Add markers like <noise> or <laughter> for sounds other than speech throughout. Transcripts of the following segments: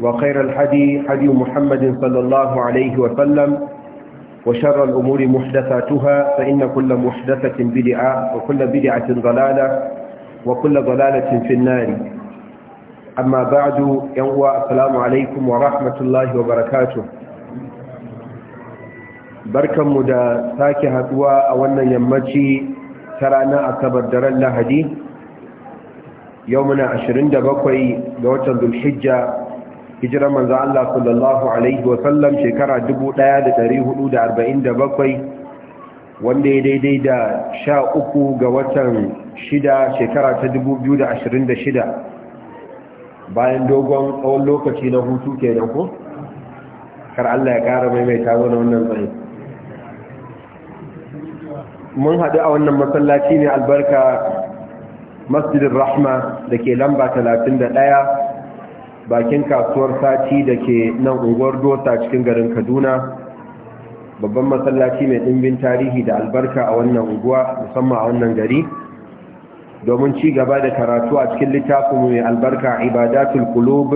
وخير الحدي حدي محمد صلى الله عليه وسلم وشر الأمور محدثاتها فإن كل محدثة بدعة وكل بدعة ضلالة وكل ضلالة في النار أما بعد يوى السلام عليكم ورحمة الله وبركاته بركة مدى ساكي هدوى أولا يمجي ترانا أكبر درن لهدي يومنا عشرين دبقوي لوتن ذو الحجة hijirar manzo Allah sallallahu alaihi wa sallam shekara 1447 wanda ya daidai da 13 ga watan 6 shekara ta 2026 bayan dogon tsawon lokaci na hutu kenan ko kar Allah ya kara maimaita mana wannan tsaye mun haɗu a wannan masallaci ne albarka masjidin rahma da ke lamba 31 bakin kasuwar sati da ke nan unguwar dosa cikin garin kaduna babban masallaci mai ɗimbin tarihi da albarka a wannan unguwa musamman a wannan gari domin ci gaba da karatu a cikin littafin mai albarka a ibadatul kulub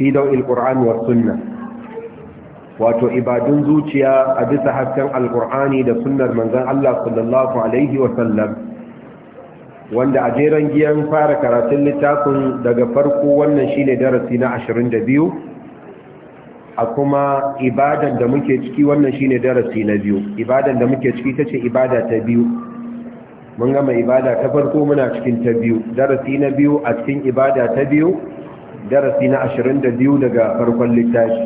fi dawil qur'an wa sunna wato ibadun zuciya a bisa hasken Alkur'ani da sunnar manzon Allah sallallahu alaihi wa wanda a jeren giyan fara karatun littafin daga farko wannan shine darasi na 22 a kuma ibadan da muke ciki wannan shine darasi na biyu ibadan da muke ciki tace ibada ta biyu mun gama ibada ta farko muna cikin ta biyu darasi na biyu a cikin ibada ta biyu darasi na 22 daga farkon littafi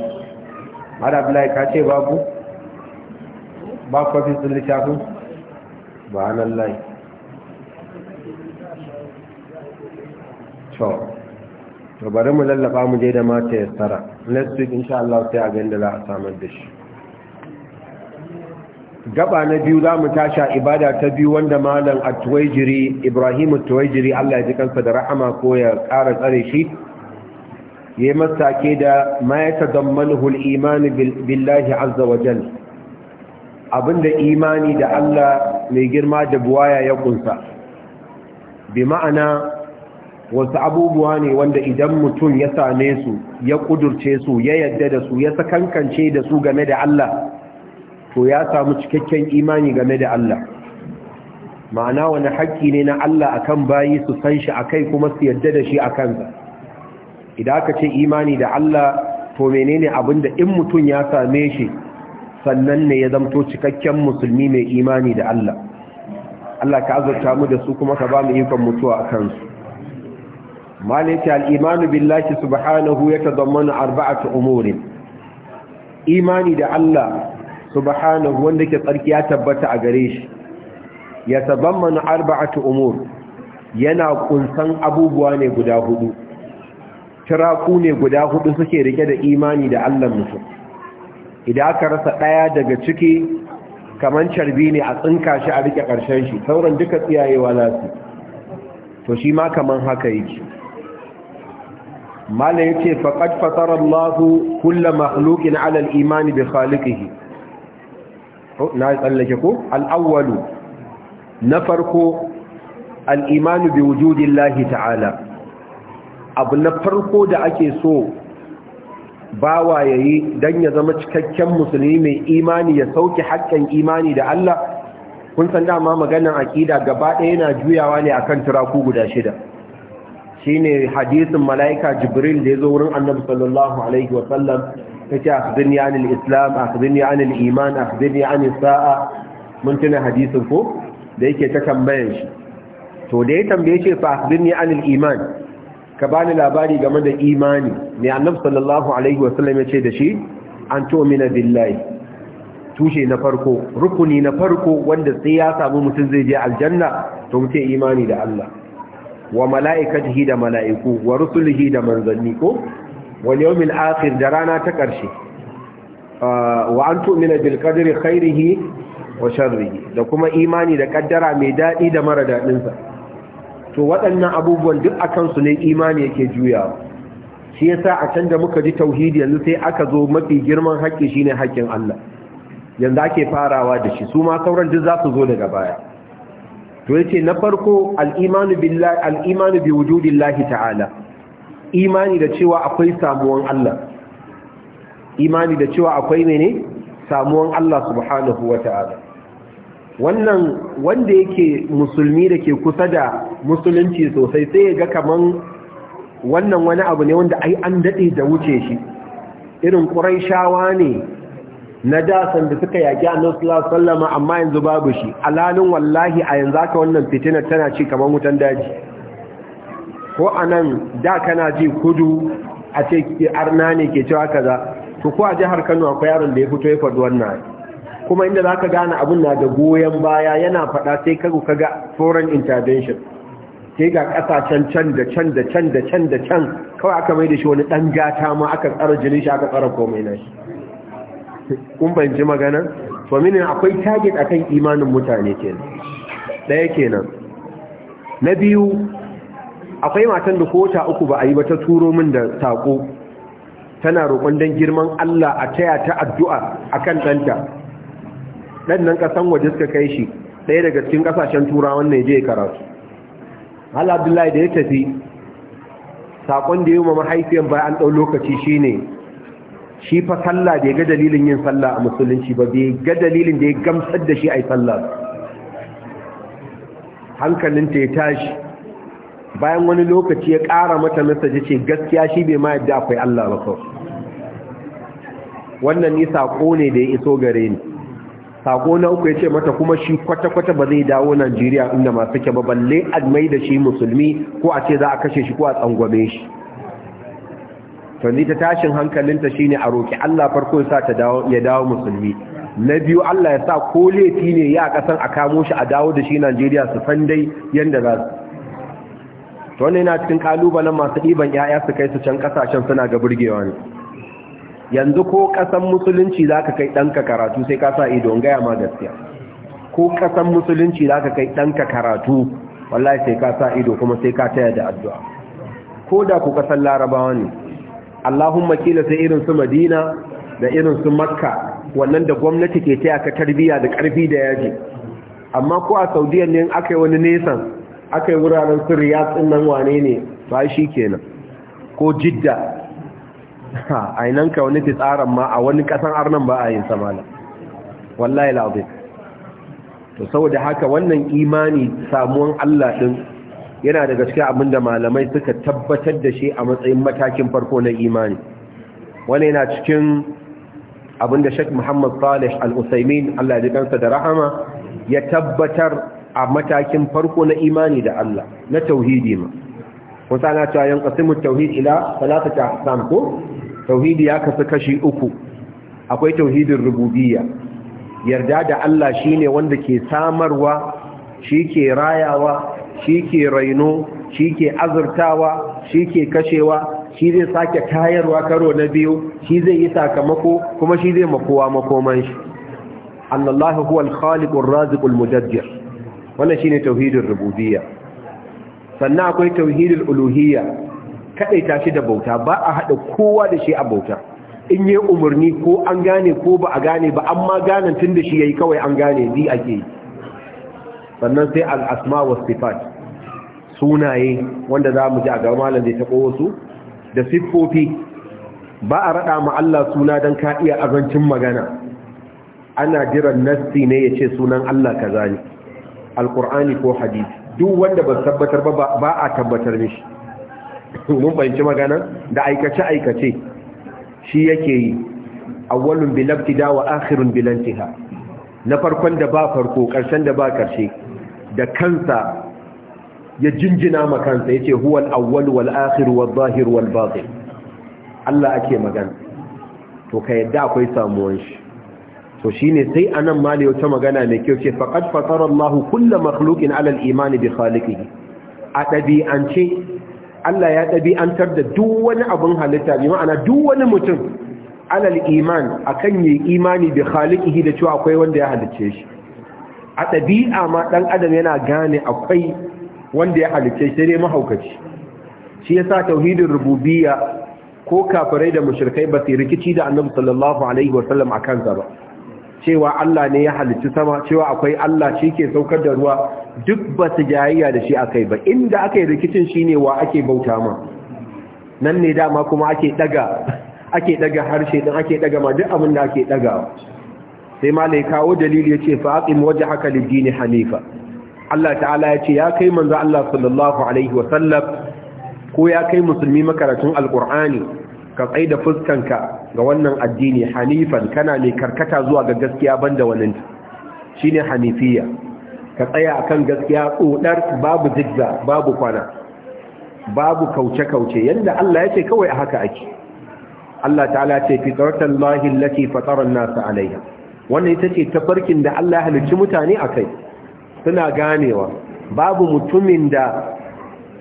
Mara Abdullahi ka ce babu ba kwafin littafin ba nan lai to bari mu lallaba mu je da mata ya tsara next week insha Allah sai a ga inda a samar da shi gaba na biyu za mu tasha ibada ta biyu wanda malam at ibrahim tuwaijiri Allah ya ji kansa da rahama ko ya ƙara tsare shi yayi masake da ma ya tadammanuhu al-iman billahi azza wa jal abinda imani da Allah mai girma da buwaya ya kunsa bi ma'ana wasu abubuwa ne wanda idan mutum ya same su ya kudurce su ya yadda da su ya sakankance da su game da Allah to ya samu cikakken imani game da Allah ma'ana wani haƙƙi ne na Allah akan bayi su san shi akai kuma su yadda da shi akan sa idan aka ce imani da Allah to menene abin da in mutum ya same shi sannan ne ya zamto cikakken musulmi mai imani da Allah Allah ka azurta mu da su kuma ka ba mu ikon mutuwa a kansu. malaka al-imanu billahi subhanahu yatadammanu arba'atu umurin imani da Allah subhanahu wanda ke tsarki ya tabbata a gare shi yatadammanu arba'atu umur yana kunsan abubuwa ne guda hudu tiraku ne guda hudu suke rike da imani da Allah mutum idan aka rasa ɗaya daga ciki kamar carbi ne a tsinka shi a rike ƙarshen shi sauran duka tsiyayewa nasu to shi ma kaman haka yake mala yace faqad fatara Allah kullu makhluqin ala al-iman bi khaliqihi oh, na tsallake ko al na farko al-iman bi wujudillahi ta'ala abu na farko da ake so bawa yayi dan ya zama cikakken musulmi mai imani ya sauke haƙƙin imani da Allah kun san dama maganar aƙida gaba ɗaya yana juyawa ne akan turaku guda shida ne hadisin mala'ika jibril da ya zo wurin annabi sallallahu alaihi wasallam ya ce akhbirni anil islam akhbirni anil iman a akhbirni anil sa'a mun tuna hadisin ko da yake ta tambayar shi to da ya tambaye ce fa akhbirni anil iman ka bani labari game da imani ne annabi sallallahu alaihi wasallam ya ce da shi an tu'mina billahi tushe na farko rukuni na farko wanda sai ya samu mutum zai je aljanna to mutum imani da Allah wa mala'ikatihi da mala'iku wa rusulihi da manzanni ko wa yawmil akhir da rana ta karshe ah, wa an tu'mina bil qadri khairihi wa sharrihi da kuma imani da kaddara mai daɗi da mara daɗinsa. to waɗannan abubuwan duk akan su ne imani yake juyawa shi yasa a can da muka ji tauhidi yanzu sai aka zo mafi girman haƙƙi shine haƙƙin Allah yanzu ake farawa da shi su ma sauran duk za su zo daga baya to yace na farko al-imanu billahi al-imanu bi wujudillahi ta'ala imani da cewa akwai samuwan Allah imani da cewa akwai mene samuwan Allah subhanahu wata'ala wannan wanda yake musulmi da ke kusa da musulunci sosai sai ya ga kaman wannan wani abu ne wanda ai an dade da wuce shi irin shawa ne na dasan da suka yaƙi annabi sallallahu alaihi wasallam amma yanzu babu shi alalin wallahi a yanzu aka wannan fitina tana ci kamar wutan daji ko anan da kana ji kudu a ce arna ne ke cewa kaza to ko a jihar Kano akwai yaron da ya fito ya faɗi wannan kuma inda za ka gane abun na da goyen baya yana faɗa sai ka kaga foreign intervention sai ga kasashen can da can da can da can da can kawai aka mai da shi wani ɗan gata ma aka tsara jini shi aka tsara komai na shi kun ji magana faminin akwai target akan imanin mutane kenan ɗaya kenan na biyu akwai matan da kota uku ba a yi ba ta turo min da sako tana roƙon dan girman Allah a taya ta addu'a akan kan ɗanta Ɗannan nan ƙasan waje suka kai shi ɗaya daga cikin ƙasashen turawan ne je karatu Allah abdullahi da ya tafi Sakon da yi wa mahaifiyar an dau lokaci shine shi fa sallah bai ga dalilin yin salla a musulunci ba bai ga dalilin da ya gamsar da shi a yi sallah hankalinta ya tashi bayan wani lokaci ya ƙara mata nasa ce gaskiya shi bai ma yadda akwai Allah ba kawai wannan ni saƙo ne da ya iso gare ni saƙo na uku ya ce mata kuma shi kwata-kwata ba zai dawo Najeriya inda masu kyaba ba balle a mai da shi musulmi ko a ce za a kashe shi ko a tsangwame shi to ni ta tashin hankalinta shine a roki Allah farko ya sa ta dawo ya dawo musulmi na biyu Allah ya sa ko laifi ne ya kasan a kamo shi a dawo da shi Najeriya su fandai yanda za su to wannan yana cikin kalubalen masu ɗiban yaya su kai su can kasashen suna ga burgewa ne yanzu ko kasan musulunci zaka kai ka karatu sai ka sa ido gaya ma gaskiya ko kasan musulunci zaka kai ka karatu wallahi sai ka sa ido kuma sai ka taya da addu'a ko da ku kasan larabawa ne Allahumma kila sai irin su Madina da irin su Makka wannan da gwamnati ke taya ka tarbiya da karfi da yaji amma ko a Saudiya ne aka wani nesan akai wuraren su Riyadh din nan wane ne ba shi kenan ko Jidda a nan ka wani tsaran ma a wani kasan arnan ba a yin samala wallahi la'azim to saboda haka wannan imani samuwan Allah din yana daga cikin abin da malamai suka tabbatar da shi a matsayin matakin farko na imani wani yana cikin abin da shek muhammad salih al-usaimin allah ji kansa da rahama ya tabbatar a matakin farko na imani da allah na tauhidi ma kusa na cewa yan kasimu tauhid ila salatata ahkam ko tauhidi ya kasu kashi uku akwai tauhidin rububiya. yarda da allah shine wanda ke samarwa shi ke rayawa shi ke raino shi ke azurtawa shi ke kashewa shi zai sake tayarwa karo na biyu shi zai yi sakamako kuma shi zai makowa makoman shi annallahu huwa al-khaliqur raziqul mudabbir wannan shine tauhidin rububiyya sannan akwai tauhidul uluhiyya Kaɗai tashi da bauta ba a hada kowa da shi a bauta in yi umarni ko an gane ko ba a gane ba amma ganin tun da shi yayi kawai an gane ni ake yi sannan sai al'asma wa sifat sunaye wanda za mu ji a malam da ya taɓo da siffofi ba a raɗa ma Allah suna don ka iya azancin magana ana jiran nasti ne ya ce sunan Allah ka zane al’ur'ani ko hadisi duk wanda ba tabbatar ba ba a tabbatar mishi <coughs> mun bayanci magana da aikace aikace shi yake yi awwalun bil wa akhirun bilantiha na farkon da ba farko ƙarshen da ba ƙarshe da kansa ya jinjina ma kansa yace huwal awwal wal akhir wal zahir wal batin Allah ake magana to ka yadda akwai samuwan shi to shine sai anan nan da ta magana mai kyau ce faqad fatara Allah kullu makhluqin ala al iman bi khaliqihi a dabi'ance Allah ya dabi'antar da duk wani abun halitta bi ma'ana duk wani mutum alal iman akan yi imani da khaliqihi da cewa akwai wanda ya halicce shi a ɗabi'a ma ɗan adam yana gane akwai wanda ya halicce shi dai mahaukaci shi yasa tauhidin rububiya ko kafirai da mushrikai ba su rikici da annabi sallallahu alaihi wasallam akan ba cewa Allah ne ya halicci sama cewa akwai Allah shi ke saukar da ruwa duk ba su jayayya da shi akai ba inda aka yi rikicin shine wa ake bauta ma nan ne dama kuma ake daga ake daga harshe din ake daga ma duk abin da ake dagawa sai malai kawo dalili yace fa aqim wajhaka lid hanifa Allah ta'ala yace ya kai manzo Allah sallallahu alaihi wa sallam ko ya kai musulmi makaratun alqur'ani ka tsaida fuskanka ga wannan addini hanifan kana mai karkata zuwa ga gaskiya banda wannan shine hanifiya ka tsaya akan gaskiya kodar babu zigza babu kwana babu kauce kauce yanda Allah yace kawai haka ake Allah ta'ala ce fitratan lahi lati fatara nasu nas alaiha wannan ita ce ta farkin da Allah halicci mutane a kai suna ganewa babu mutumin da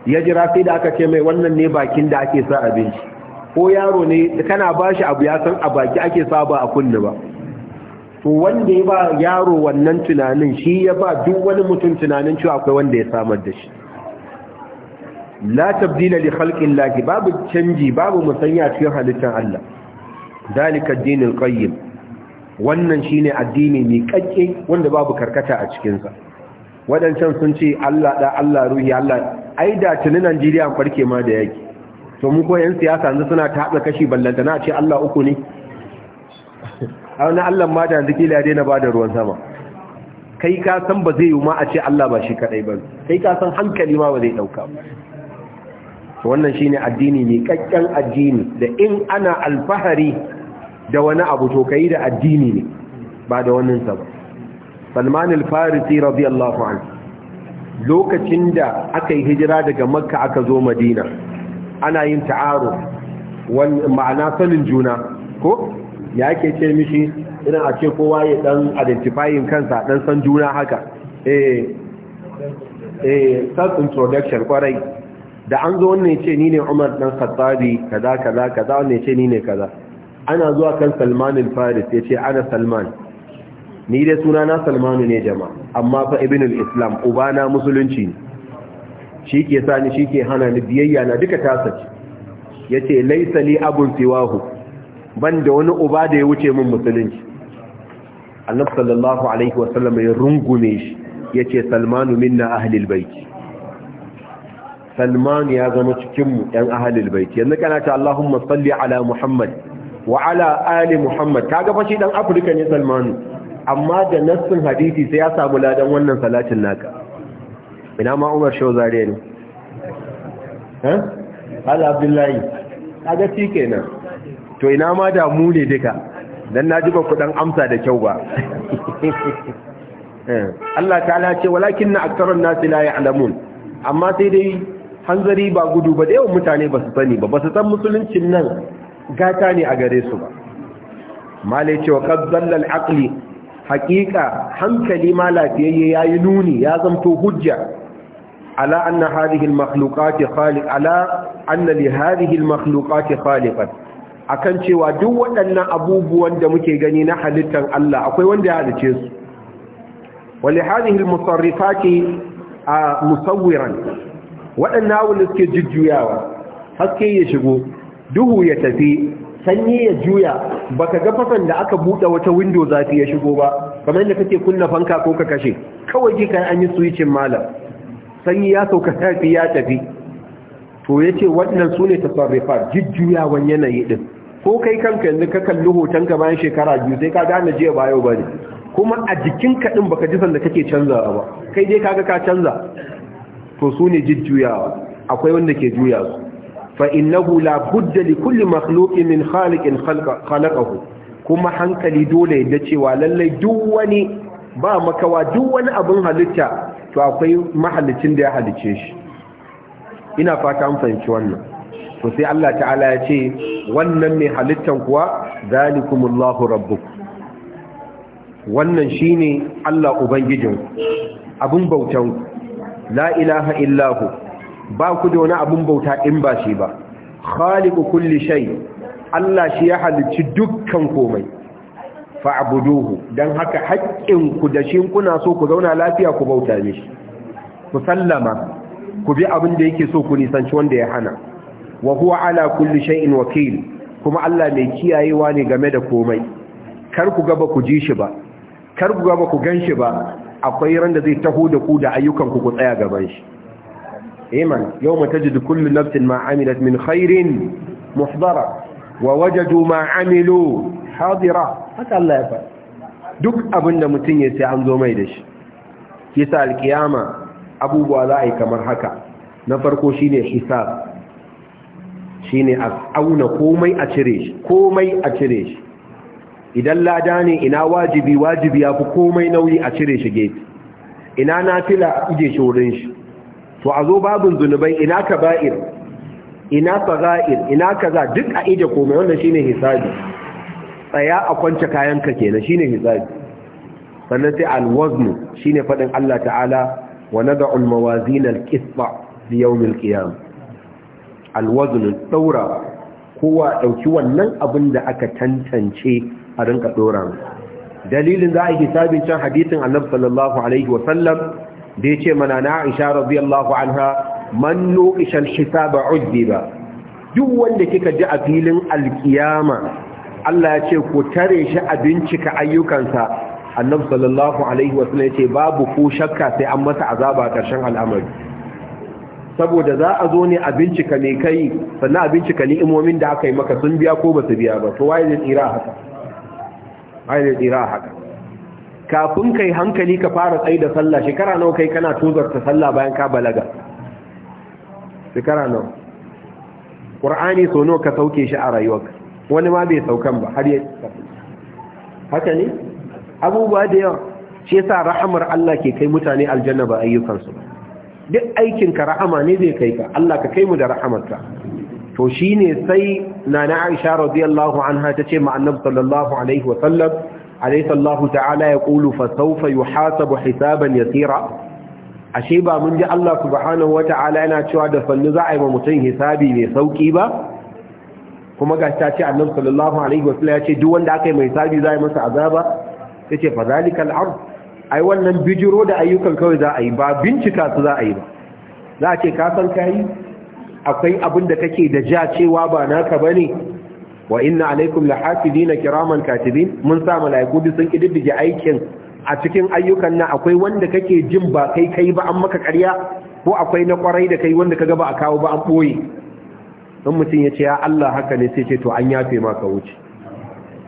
ya jira sai da aka ce mai wannan ne bakin da ake sa abinci ko yaro ne kana ba shi abu ya san a baki ake sa ba a kunni ba to wanda ya ba yaro wannan tunanin shi ya ba duk wani mutum tunanin cewa akwai wanda ya samar da shi la tabdila li khalqin lahi babu canji babu musanya cikin halittar Allah dalika ad-dinul qayyim wannan shine addini mai kakke wanda babu karkata a cikin sa wadancan sun ce Allah da Allah ruhi Allah ai da tunin Najeriya farke ma da yake to mu ko yan siyasa yanzu suna taɓa kashi ballanta na ce Allah uku ne a <laughs> wani Allah ma da yanzu la daina bada ruwan sama kai ka san ba zai yi ma a ce Allah ba shi kadai ba kai ka san hankali ma ba zai dauka ba to wannan shine addini ne kakkan addini da in ana alfahari da wani abu to kai da addini ne ba da wannan sa ba Salman al-Farisi radiyallahu anhu lokacin da aka yi hijira daga Makka aka zo Madina ana yin taaru ma'ana sanin juna ko ya ke ce mishi irin a ce kowa ya dan identifying kansa dan san juna haka eh eh self introduction kwarai da an zo wannan ce ni ne Umar dan Khattabi kaza kaza kaza wannan ce ni ne kaza ana zuwa kan Salman al-Faris yace ana Salman ni dai suna na Salman ne jama'a amma fa ibn al-Islam ubana musulunci ne ni shi ke hana ni biyayya na duka tasace yace laysa li abun siwahu ban da wani uba da ya wuce min musulunci annabi sallallahu alaihi wasallam ya rungume shi yace Salmanu minna ahlil bait salman ya zama cikinmu ɗan ahalil baiti yanzu kana ta Allahumma salli ala Muhammad wa ala ali Muhammad ta fa shi dan Afirka ne salmanu amma da nassin hadisi sai ya samu ladan wannan salatin naka ina ma Umar Shawzari ne eh Ala Abdullahi ga shi kenan to ina ma da mu ne duka na ji ba ku dan amsa da kyau ba <laughs> eh. Allah ta ce walakin na aktarun nasi la ya'lamun amma sai dai hanzari ba gudu ba da yawan mutane ba su sani ba ba su san musuluncin nan gata ne a gare su ba malai cewa zallar akli haƙiƙa hankali ma lafiyayye ya yi nuni ya zamto hujja ala anna hadhihi makhluqati khaliq ala anna li akan cewa duk waɗannan abubuwan da muke gani na halittar Allah akwai wanda ya halice su wa li hadhihi al a musawwiran waɗannan abubuwan suke jujjuyawa haske ya shigo duhu ya tafi sanyi ya juya baka ka fasan da aka buɗe wata window zafi ya shigo ba kamar yadda kake kunna fanka ko ka kashe kawai ji kai an yi switching malam sanyi ya sauka tafi <laughs> ya tafi to yace waɗannan sune tasarrufa jujjuyawan yanayi ɗin, ko kai kanka yanzu ka kalli hoton ka bayan shekara biyu sai ka gane jiya ba yau ba ne, kuma a jikinka ɗin ba baka ji sanda kake canzawa ba kai dai kaga ka canza to su ne jujjuyawa akwai wanda ke juya su fa innahu la budda li kulli makhluqin min khaliqin khalaqahu kuma hankali dole da cewa lallai duk wani ba makawa duk wani abin halitta to akwai mahallicin da ya halice shi ina fata an fahimci wannan to sai Allah ta'ala ya ce wannan mai halittan kuwa zalikumullahu rabbuk wannan shine Allah ubangijin abin ku. la ilaha illahu ba ku da wani abun bauta in ba shi ba khaliqu kulli shay Allah shi ya halicci dukkan komai fa'buduhu dan haka haƙƙin ku da shi kuna so ku zauna lafiya ku bauta mishi ku sallama ku bi abin da yake so ku nisanci wanda ya hana wa huwa ala kulli shay'in wakil kuma Allah mai kiyayewa ne game da komai kar ku gaba ku ji shi ba kar ku gaba ku gan shi ba akwai ran da zai taho da ku da ayyukan ku ku tsaya gaban shi iman eh yawma tajidu kullu nafsin ma amilat min khairin muhdara wa wajadu ma amilu hadira haka Allah ya fa duk abin da mutum ya sai an zo mai da shi kisa alkiyama abubuwa za a yi kamar haka na farko shine hisab shine a auna komai a cire shi komai a cire shi idan lada ne ina wajibi wajibi ya fi komai nauyi a cire shi gefe ina fila, ije shi wurin shi to a zo babin zunubai ina ka ba'ir, ina faga'ir ina kaza duk a ije komai wannan shine hisabi tsaya a kwance kayan ka kenan shine hisabi sannan sai alwaznu shine fadin Allah ta'ala wa nad'u almawazin alqisba li yawm alqiyam alwaznu daura kowa dauki wannan abin da aka tantance a rinka dora dalilin za a yi hisabin can hadisin annabi sallallahu alaihi wa sallam da yace mana na Aisha radiyallahu anha man nuqisha al-hisaba uddiba duk wanda kika ji a filin alkiyama Allah ya ce ku tare shi a bincika ayyukansa annabi sallallahu alaihi wa sallam yace babu ko shakka sai an masa azaba karshen al'amari saboda za a zo ne a bincika ne kai sannan a bincika ni'imomin da aka yi maka sun biya ko ba su biya ba to waye zai tsira haka ainihin tsira a haka kafin kai hankali ka fara tsaye da sallah shekara nawa kai kana tuzarta sallah bayan ka balaga shekara nawa ƙur'ani so nau ka sauke shi a rayuwa wani ma bai saukan ba har yi haka ne abubuwa da yawa shi yasa rahamar Allah ke kai mutane aljanna ba ayyukansu ba duk aikinka rahama ne zai kai ka Allah ka kai mu da rahamarka to shi ne sai na na aisha radiyallahu anha ta ce ma'annab sallallahu alaihi wasallam alaihi ta'ala ya ƙulu fasaufa yi hasabu hisaban yasira ashe ba mun ji Allah subhanahu wa ta'ala yana cewa da sannu za a yi ma mutum hisabi mai sauƙi ba kuma ga ta ce annab sallallahu alaihi wasallam ya ce duk wanda aka yi mai hisabi za a yi masa azaba Ta ce fazalikal ard ai wannan bijiro da ayyukan kawai za a yi ba bincika su za a yi ba za a ce ka san kayi akwai abin da kake da ja cewa ba naka bane wa inna alaikum na kiraman katibin mun sa malaiku duk sun kididdige aikin a cikin ayyukan nan akwai wanda kake jin ba kai kai ba an maka ƙarya ko akwai na kwarai da kai wanda ka ba a kawo ba an boye in mutum ya ce ya Allah haka ne sai ce to an yafe maka wuce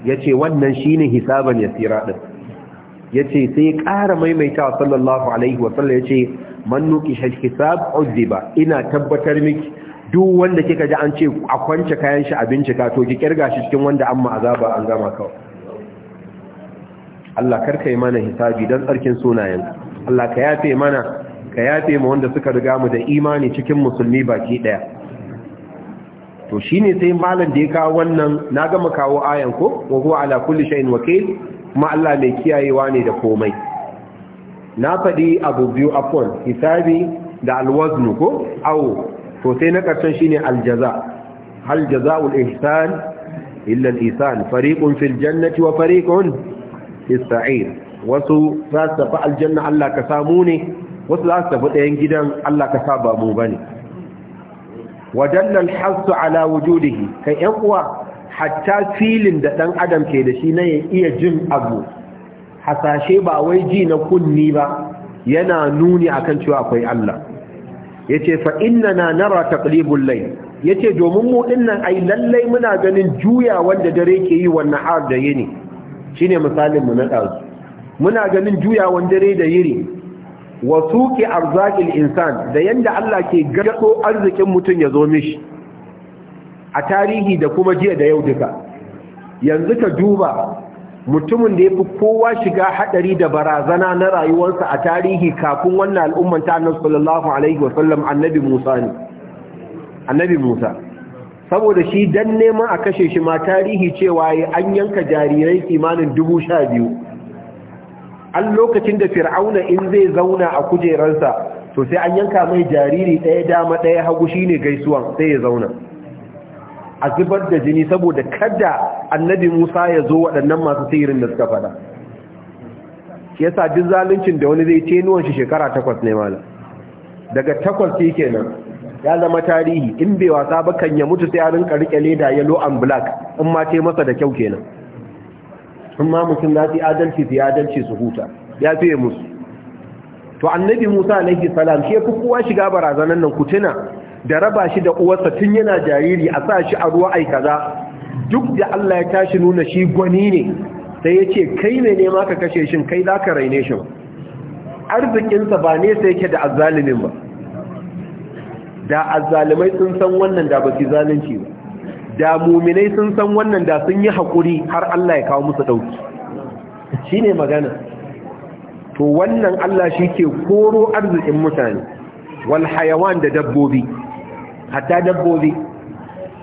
ya ce wannan shine hisaban yasira din ya ce sai ƙara maimaita sallallahu alaihi wa sallam ya ce man nuki hisab uzziba ina tabbatar miki duk wanda kika ji an ce a kwance kayan shi ka to ki kirga shi cikin wanda an azaba an gama kawai Allah karka yi mana hisabi don tsarkin sunayen Allah ka yafe mana ka yafe mu wanda suka riga mu da imani cikin musulmi baki daya to shine sai malam da ya kawo wannan na gama kawo ayan ko wa huwa ala kulli shay'in wakil kuma Allah mai kiyayewa ne da komai na faɗi abu biyu afwan hisabi da alwaznu ko awo to sai na ƙarshen ne aljaza Aljaza jazaul ihsan illa al-ihsan fil jannati wa fariqun Isra'il. wasu za su tafi aljanna Allah ka samu ne wasu za su tafi ɗayan gidan Allah ka saba mu bane wadalla al-hasu ala wujudihi kai yan uwa hatta filin da ɗan adam ke da shi na iya jin abu hasashe ba wai ji na kunni ba yana nuni akan cewa akwai Allah yace fa innana nara taqlibul Ya yace domin mu dinnan ai lallai muna ganin juya wanda dare ke yi wannan har da yini shine misalin misalinmu na ɗazu. muna ganin juyawan dare da yiri Wasu ke arzakin insan da yadda Allah ke gado arzikin mutum ya zo mishi a tarihi da kuma jiya da yau duka yanzu ka duba mutumin da ya fi kowa shiga hadari da barazana na rayuwarsa a tarihi kafin wannan al'umman ta annabi sallallahu alaihi wasallam annabi Musa ne annabi Musa saboda shi dan neman a kashe shi ma tarihi cewa ya an yanka jarirai imanin dubu sha biyu an lokacin da fir'auna in zai zauna a kujerarsa to sai an yanka mai jariri ɗaya dama ɗaya hagu ne gaisuwan sai ya zauna a zubar da jini saboda kada annabi Musa ya zo waɗannan masu sihirin da suka fada Ya sa duk zaluncin da wani zai tenuwan shi shekara takwas ne mala daga takwas shi kenan ya zama tarihi in bai wasa ba kan ya mutu sai a rike leda yalo and black in ma ce masa da kyau kenan in ma mutum za su adalci su adalci su huta ya fiye musu to annabi Musa alaihi salam ke fi kowa shiga barazanan nan ku da raba shi da uwarsa tun yana jariri a sa shi a ruwa ai kaza duk da Allah ya tashi nuna shi gwani ne sai ya ce kai ne nema ka kashe shin kai za ka raine shi arzikinsa ba ne sai yake da azzalimin ba da azzalimai sun san wannan da ba su zalunci ba da muminai sun san wannan da sun yi haƙuri har Allah ya kawo musu ɗauki shi ne magana to wannan Allah shi ke koro arzikin mutane wal hayawan da dabbobi hatta dabbobi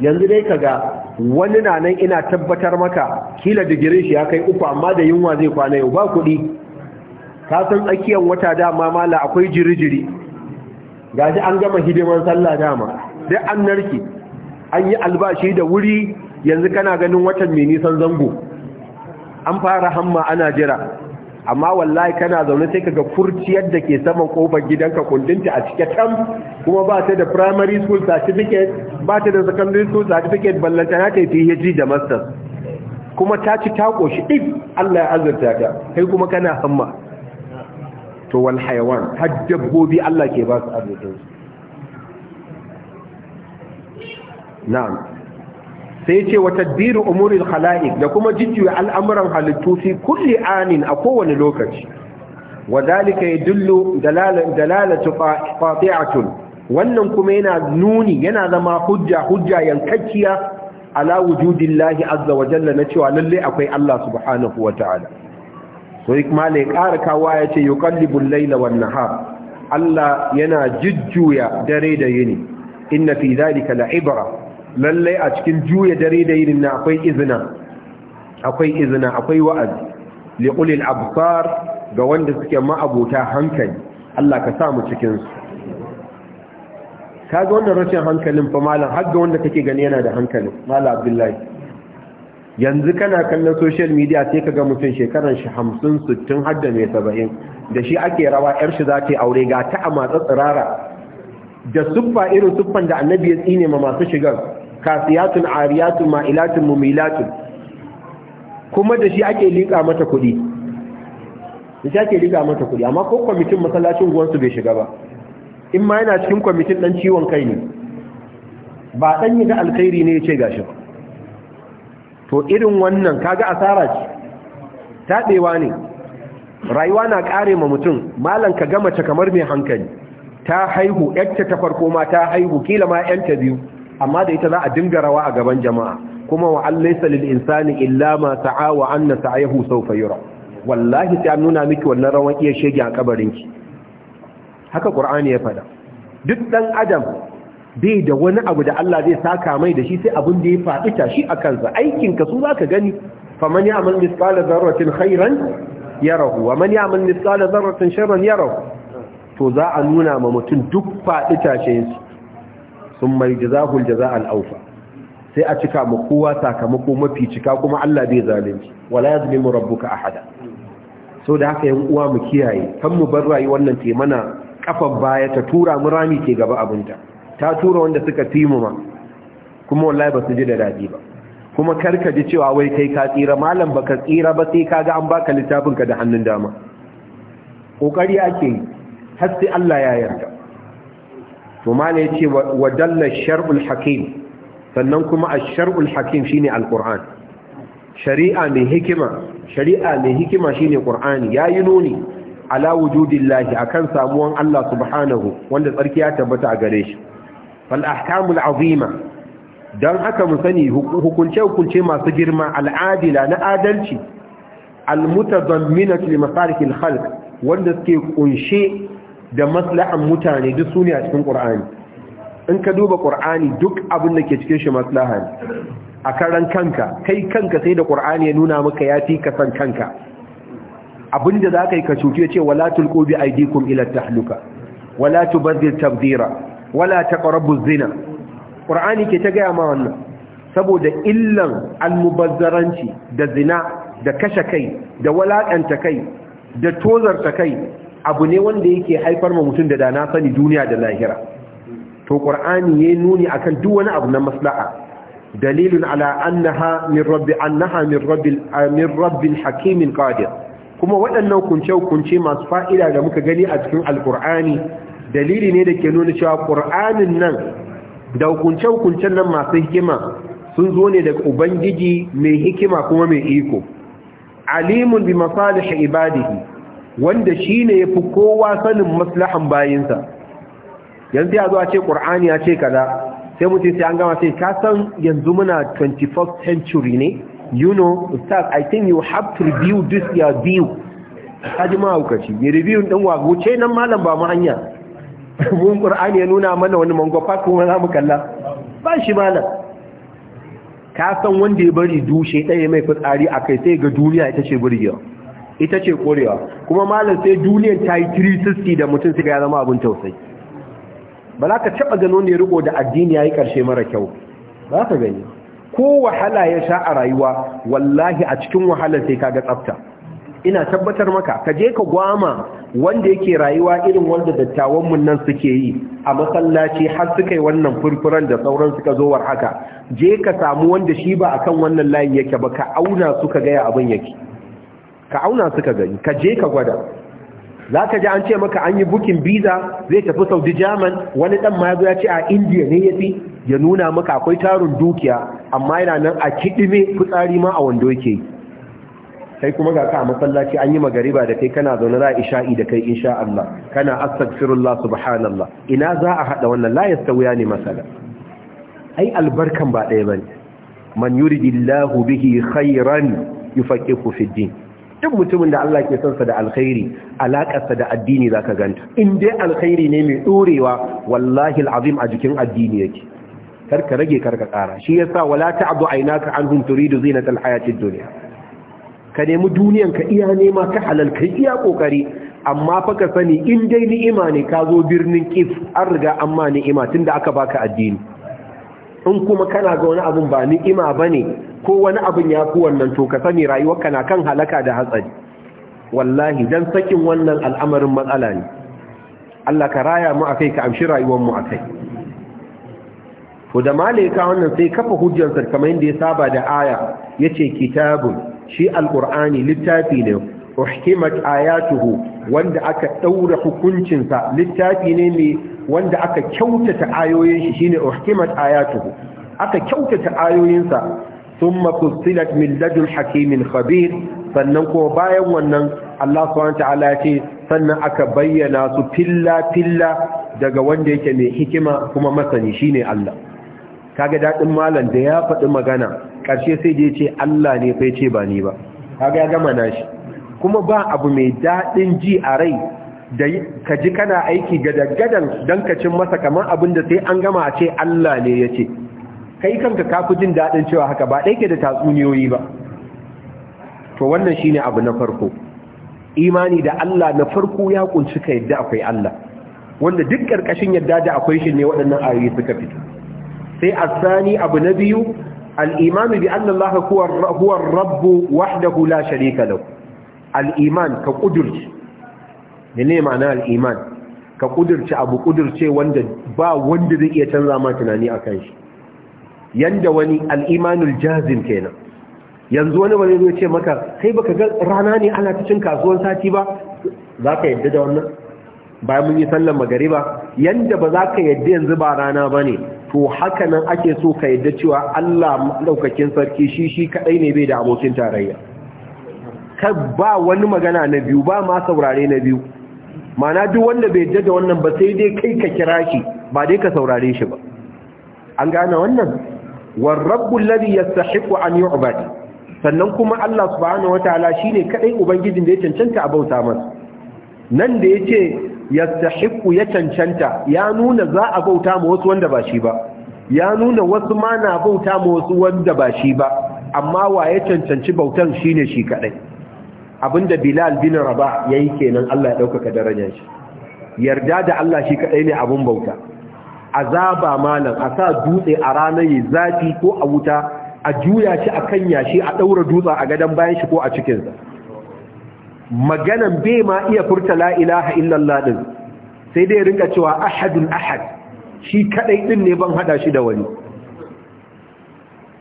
yanzu dai kaga wani na nan ina tabbatar maka kila digirin shi ya kai uku amma da yunwa zai kwana yau ba kuɗi ka san tsakiyar wata dama mala akwai jiri-jiri gashi an gama hidimar sallah dama Sai an narki an yi albashi da wuri yanzu kana ganin watan mai nisan zango an fara hamma ana jira amma wallahi kana zaune sai kaga furciyar da ke saman kofar gidanka kundinta a cike tam kuma ba ta da primary school certificate ba ta da secondary school certificate ballanta na kai PhD da masters kuma ta ci ta koshi din Allah ya azurta ka kai kuma kana hamma to wal hayawan har dabbobi Allah ke ba su azurta na'am sai ce wa tadbiru umuril khala'iq da kuma jijjiwa al'amuran halittu fi kulli anin a kowane lokaci wa dalika yadullu dalalatu qati'atun wannan kuma yana nuni yana zama hujja hujja yankakkiya ala wujudillahi azza wa jalla na cewa lalle akwai Allah subhanahu wa ta'ala sai kuma ne kawa yace yuqallibul layla wan nahar Allah yana jijjuya dare da yini inna fi dhalika la ibra lallai a cikin juya dare da yinin na akwai izina akwai izina akwai wa'azi liqulil absar ga wanda suke ma'abuta hankali Allah ka sa mu cikin su kaga wannan rashin hankalin fa malam har ga wanda kake gani yana da hankali malam Abdullahi yanzu kana kallon social media sai kaga mutum shekaran shi 50 60 har da mai 70 da shi ake rawa yar shi za ta aure ga ta amatsa tsirara da suffa irin suffan da annabi ya tsine ma masu shigar kasiyatun ariyatun ma'ilatun mumilatun kuma da shi ake liƙa mata kuɗi da shi ake liƙa mata kuɗi amma ko kwamitin masallacin guwansu bai shiga ba in ma yana cikin kwamitin ɗan ciwon kai ne ba ɗan yi ga alkhairi ne ya ce gashi ba to irin wannan kaga asara ce taɗewa ne rayuwa na ƙare ma mutum malam ka gama ta kamar mai hankali ta haihu yadda ta farko ma ta haihu kila ma yanta biyu amma da ita za a dinga rawa a gaban jama'a kuma wa laysa lil insani illa ma sa'a wa anna sa'ayahu sawfa yura wallahi sai an nuna miki wannan rawan iya shege a kabarinki haka qur'ani ya fada duk dan adam bai da wani abu da Allah zai saka mai da shi sai abin da ya faɗi ta shi a kansa aikin ka su zaka gani man ya'mal mithqala dharratin khairan yarahu wa man ya'mal mithqala dharratin sharran yarahu to za a nuna ma mutum duk faɗi shi sun mai jazahul jaza al'aufa sai a cika ma kowa sakamako mafi cika kuma Allah bai zalunci wala ya ka rabbuka hada. so da haka yan uwa mu kiyaye kan mu bar rayu wannan ke mana kafan baya ta tura mu rami ke gaba abinta ta tura wanda suka fi mu ma kuma wallahi ba su ji da daɗi ba kuma karka ji cewa wai kai ka tsira malam ba ka tsira ba sai ga an baka littafinka da hannun dama kokari ake yi har sai Allah ya yarda to ya ce wa dalla shar'ul hakim sannan kuma a shar'ul hakim shine alquran shari'a mai hikima shari'a mai hikima shine qur'ani yayi nuni ala wujudillahi akan samuwan Allah subhanahu wanda tsarki ya tabbata a gare shi fal ahkamul azima dan haka mu sani hukunce hukunce masu girma al'adila na adalci almutadamminat li masalihil khalq wanda suke kunshe da maslahan mutane duk su ne a cikin ƙur'ani in ka duba ƙur'ani duk abin da ke cikin shi maslaha ne a karan kanka kai kanka sai da ƙur'ani ya nuna maka ya fi kasan kanka abin da za ka yi ka cutu ya ce wala tulqu bi aydikum ila tahluka wala tubazzir tabdira wala zina ƙur'ani ke ta gaya ma wannan saboda illan almubazzaranci da zina da kashe kai da walaƙanta kai da tozarta kai abu ne wanda yake haifar ma mutum da dana sani duniya da lahira to qur'ani ya nuni akan duk wani abu na maslaha dalilun ala annaha min rabbi annaha min rabbil min rabbil hakimin qadir kuma waɗannan kunce kunce masu fa'ida da muka gani a cikin alqur'ani dalili ne da ke nuna cewa qur'anin nan da ukunce hukuncen nan masu hikima sun zo ne daga ubangiji mai hikima kuma mai iko alimun bi masalih ibadihi wanda shi ne ya fi kowa sanin maslahan bayinsa yanzu ya zo a ce ƙur'ani ya ce kaza sai mutum sai an gama sai ka san yanzu muna 21st century ne you know ustaz i think you have to review this your view kaji ma hukaci ya review ɗin wa wuce nan malam ba mu hanya <laughs> mun ƙur'ani ya nuna mana wani mango park kuma za mu kalla ba shi malam ka san wanda ya bari dushe ɗaya mai fitsari a kai sai ga duniya ita ce burgewa ita ce korewa kuma malam sai duniyar ta yi 360 da mutum suka ya zama abin tausayi ba za ka taɓa gano ne riko da addini ya yi ƙarshe mara kyau ba ka gani ko wahala ya sha a rayuwa wallahi a cikin wahalar sai ka ga tsafta ina tabbatar maka ka je ka gwama wanda yake rayuwa irin wanda dattawan mun nan suke yi a masallaci har suka yi wannan furfuran da sauran suka zo war haka je ka samu wanda shi ba akan wannan layin yake ba ka auna suka gaya abin yake ka auna suka gani ka je ka gwada za ka ji an ce maka an yi bukin biza zai tafi saudi german wani dan ma ya ce a india ne ya fi ya nuna maka akwai tarin dukiya amma yana nan a kiɗime fitsari ma a wando yake sai kuma ga ka a masallaci an yi magariba da kai kana zaune za a isha'i da kai insha Allah kana astaghfirullah subhanallah ina za a hada wannan la yastawiya ne masala ai albarkan ba ɗaya bane man yuridillahu bihi khairan yufaqihu fid din duk mutumin da Allah ke sonsa da alkhairi alakarsa da addini zaka ganta in dai alkhairi ne mai ɗorewa, wallahi alazim a jikin addini yake karka rage karka kara shi yasa wala ta'du aynaka anhum turidu zinata hayatid duniya? ka nemi duniyan ka iya nema ka halal kai iya kokari amma fa ka sani in dai ni'ima ne ka zo birnin kif an riga amma ni'ima tunda aka baka addini in kuma kana ga wani abun ba ni'ima bane ko wani abun ya fi wannan to ka sani rayuwarka na kan halaka da hatsari wallahi dan sakin wannan al'amarin matsala ne Allah ka raya mu akai ka amshi rayuwar mu akai to da malaika wannan sai kafa hujjar sa kamar ya saba da aya yace kitabun shi alqur'ani littafi ne uhkimat ayatuhu wanda aka daura hukuncinsa littafi ne mai wanda aka kyautata ayoyin shi shine uhkimat ayatuhu aka kyautata ayoyinsa thumma fussilat min ladun hakimin khabir sannan ko bayan wannan Allah subhanahu ya ce sannan aka bayyana su filla filla daga wanda yake mai hikima kuma masani shine Allah kaga dadin malam da ya faɗi magana ƙarshe sai da ya ce Allah ne fa ce ba ni ba kaga ya gama nashi kuma ba abu mai daɗin ji a rai da ka ji kana aiki gadagadan don ka cin masa kamar abin da sai an gama a ce Allah ne ya ce kai kanka ka fi jin daɗin cewa haka ba ɗaike da tatsuniyoyi ba to wannan shine abu na farko imani da Allah na farko ya ƙunshi ka yadda akwai Allah wanda duk ƙarƙashin yadda da akwai shi ne waɗannan ayoyi suka fito sai a Sani abu na biyu al-imanu bi anna Allah huwa ar-rabb wahdahu la sharika lahu al'iman ka ƙudurci ne ma'ana al'iman ka ƙudurci abu ƙudurce wanda ba wanda zai iya canza ma tunani a kan shi yanda wani al'imanul jazim kenan yanzu wani wani zai ce maka kai baka ga rana ne ana ta cin kasuwan sati ba za ka yadda da wannan ba mun yi sallan ba? yanda ba za ka yadda yanzu ba rana ba ne to haka nan ake so ka yadda cewa Allah ɗaukakin sarki shi shi kaɗai ne bai da abokin tarayya ba wani magana na biyu ba ma saurare na biyu mana duk wanda bai yadda wannan ba sai dai kai ka kira shi ba dai ka saurare shi ba an gane wannan war rabbul ladhi yastahiqu an yu'bad sannan kuma Allah subhanahu wataala shine kadai ubangijin da ya cancanta a bauta masa nan da yace yastahiqu ya cancanta ya nuna za a bauta ma wasu wanda ba shi ba ya nuna wasu ma na bauta ma wasu wanda ba shi ba amma wa ya cancanci bautan shine shi kadai abinda bilal bin raba ya yi kenan allah ya ɗaukaka darajar shi yarda da allah shi kaɗai ne abin bauta azaba malam a sa dutse a ranar yi zafi ko a wuta a juya shi a kan yashi a ɗaura dutse a gadon bayan shi ko a cikinsa maganan bai ma iya furta la'ilaha illallah ɗin sai dai rinka cewa ahadun ahad shi kaɗai ɗin ne ban haɗa shi da wani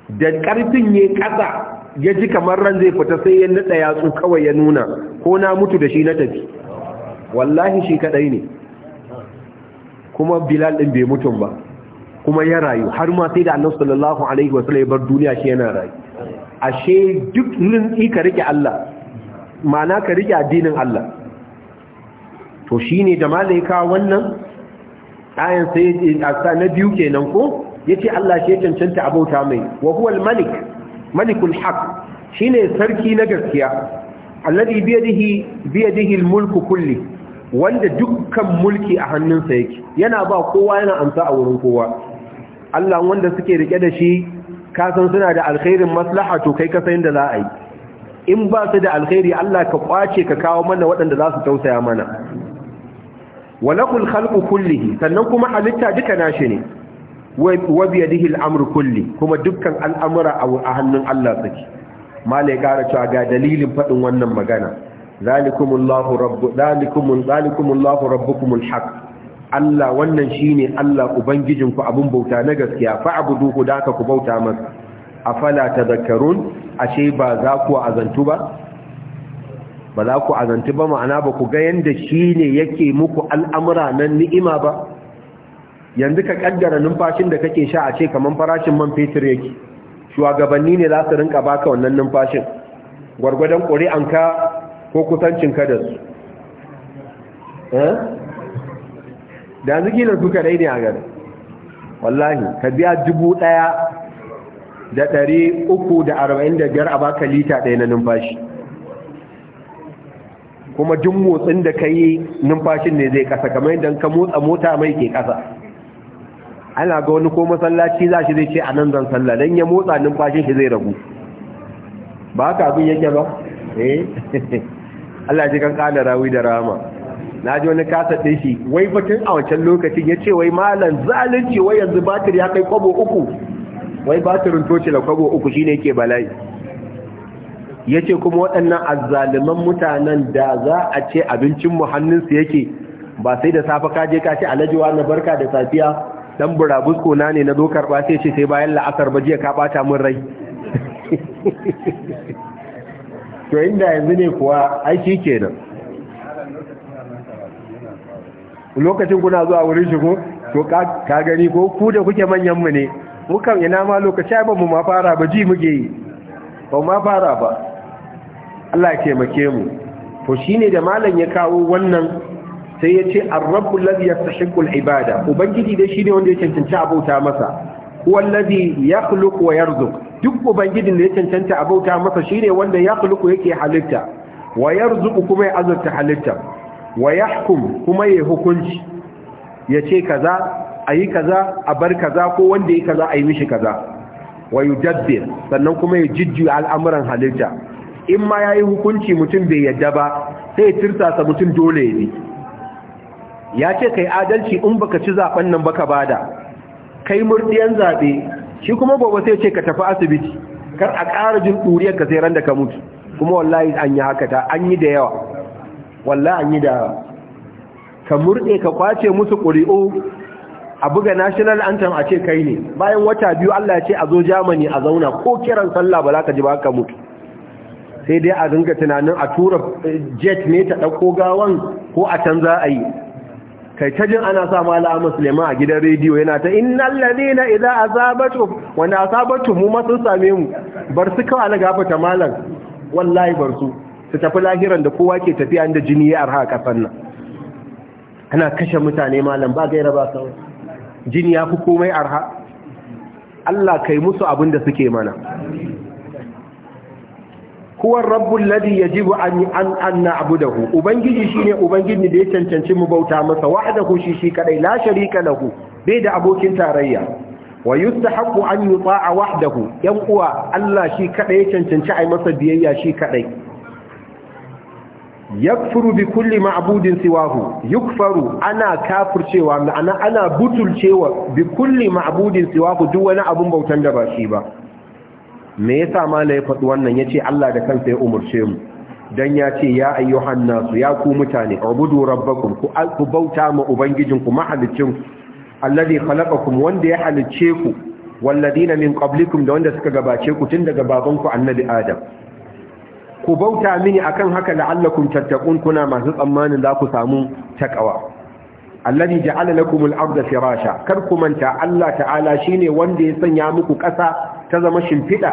da ƙarfin ya ƙasa ya ji kamar ran zai fita sai ya nada yatsu kawai ya nuna ko na mutu da shi na tafi wallahi shi kadai ne kuma bilal din bai mutum ba kuma ya rayu har ma sai da annabi sallallahu alaihi wasallam ya bar duniya shi yana rayu ashe duk rin ka rike Allah ma'ana ka rike addinin Allah to shine da malaika wannan ayan sai na biyu kenan ko yace Allah shi ya cancanta abota mai wa huwal malik malikul haq shine sarki na gaskiya alladhi biyadihi biyadihi almulku kulli wanda dukkan mulki a hannunsa yake yana ba kowa yana amsa a wurin kowa Allah wanda suke rike da shi ka san suna da alkhairin maslaha to kai ka san da za a yi in ba su da alkhairi Allah ka kwace ka kawo mana waɗanda za su tausaya mana walakul khalqu kullihi sannan kuma halitta duka nashi ne wa biyadihi amru kulli kuma dukkan al'amura a hannun Allah saki malai ƙara cewa ga dalilin faɗin wannan magana zalikumullahu rabbu zalikumul zalikumullahu rabbukumul haq Allah wannan shine Allah ubangijinku abun bauta na gaskiya fa abuduhu da ka ku bauta masa ta zakarun, ashe ba za ku azantu ba ba za ku azantu ba ma'ana ba ku ga shi ne yake muku al'amura nan ni'ima ba yanzu ka kaddara numfashin da kake sha a ce kamar farashin man fetur yake shugabanni ne za su rinka baka wannan numfashin gwargwadon ƙuri'anka ko kusancin da su eh? da yanzu kila suka kadai ne a gari wallahi ka biya dubu ɗaya da ɗari uku da arba'in da biyar a baka lita ɗaya na numfashi kuma duk motsin da ka yi numfashin ne zai ƙasa kamar yadda ka motsa mota mai ke ƙasa ana ga wani ko masallaci za shi zai ce a nan zan sallah don ya motsa numfashin shi zai ragu ba haka abin yake ba eh <laughs> Allah ji kan kana rawi da rama na ji wani kasa ɗin shi wai batun a wancan lokacin ya ce wai malam zalunci wai yanzu batir ya kai kwabo uku wai batirin toce da kwabo uku shine ke bala'i ya ce kuma waɗannan azzaliman mutanen da za a ce abincin abincinmu hannunsu yake ba sai da safe je ka ce alajiwa na barka da safiya dan burabusko na ne na zo ba sai ce sai bayan la'asar ba jiya ka bata min rai <laughs> to inda yanzu ne kuwa aiki kenan lokacin kuna zuwa wurin shigo to ka gani ko ku da kuke manyan mu ne mukan ina ma lokaci ba mu ma fara ba ji muke yi ba ma fara ba Allah ya taimake mu to shine da malam ya kawo wannan sai ya ce arrabu lazi ya tashinkul ibada ubangiji dai ne wanda ya cancanci abauta masa wallazi ya khuluku wa duk ubangijin da ya cancanta abauta masa ne wanda ya khuluku yake halitta wa yarzuku kuma ya azurta halitta wa kuma ya hukunci ya ce kaza ayi kaza a bar kaza ko wanda ya kaza a yi mishi kaza wa yudabbir sannan kuma ya jijju al'amuran halitta in ma yayi hukunci mutum bai yadda ba sai ya tirsasa mutum dole ya bi ya ce kai adalci in baka ci zaben nan baka bada kai murdiyan zabe shi kuma baba sai ce ka tafi asibiti kar a ƙara jin duriyar ka sai ran da ka mutu kuma wallahi an yi haka ta an yi da yawa wallahi an yi da ka murde ka kwace musu ƙuri'u a buga national anthem a ce kai ne bayan wata biyu Allah ya ce a zo Germany a zauna ko kiran sallah ba za ka ji ba ka mutu sai dai a dinga tunanin a tura eh, jet ne ta ɗauko gawan ko a can za a yi kai ana sa mala musulman a gidan rediyo yana ta innal ladina idza azabatu wa na Zabatu mu masu same mu bar su kawai na gafata malam wallahi bar su su tafi lahiran da kowa ke tafiya inda jini ya arha a kasan nan ana kashe mutane malam ba gaira ba kawai jini ya fi komai arha Allah kai musu abin da suke mana huwa rabbul ladhi yajibu an an an na'budahu ubangiji shine ubangiji da ya cancanci mu bauta masa wahdahu shi shi kadai la sharika lahu bai da abokin tarayya wa yustahaqqu an yuta'a wahdahu yan uwa Allah shi kadai ya cancanci ai masa biyayya shi kadai yakfuru bi kulli ma'budin siwahu yukfaru ana kafircewa ma'ana ana butulcewa bi kulli ma'budin siwahu duk wani abun bautan da ba shi ba me yasa malai ya faɗi wannan yace Allah da kansa ya umurce mu dan ya ce ya ayyuhan nasu ya ku mutane ubudu rabbakum ku ku bauta ma Ubangijin ku mahalicin alladhi khalaqakum wanda ya halicce ku walladina min qablikum da wanda suka gabace ku tun daga babanku annabi adam ku bauta mini akan haka la'allakum tattaqun kuna masu tsammanin za ku samu takawa alladhi ja'ala alala kuma ardha firasha kar ku manta Allah ta'ala shine wanda ya sanya muku ƙasa ta zama shimfida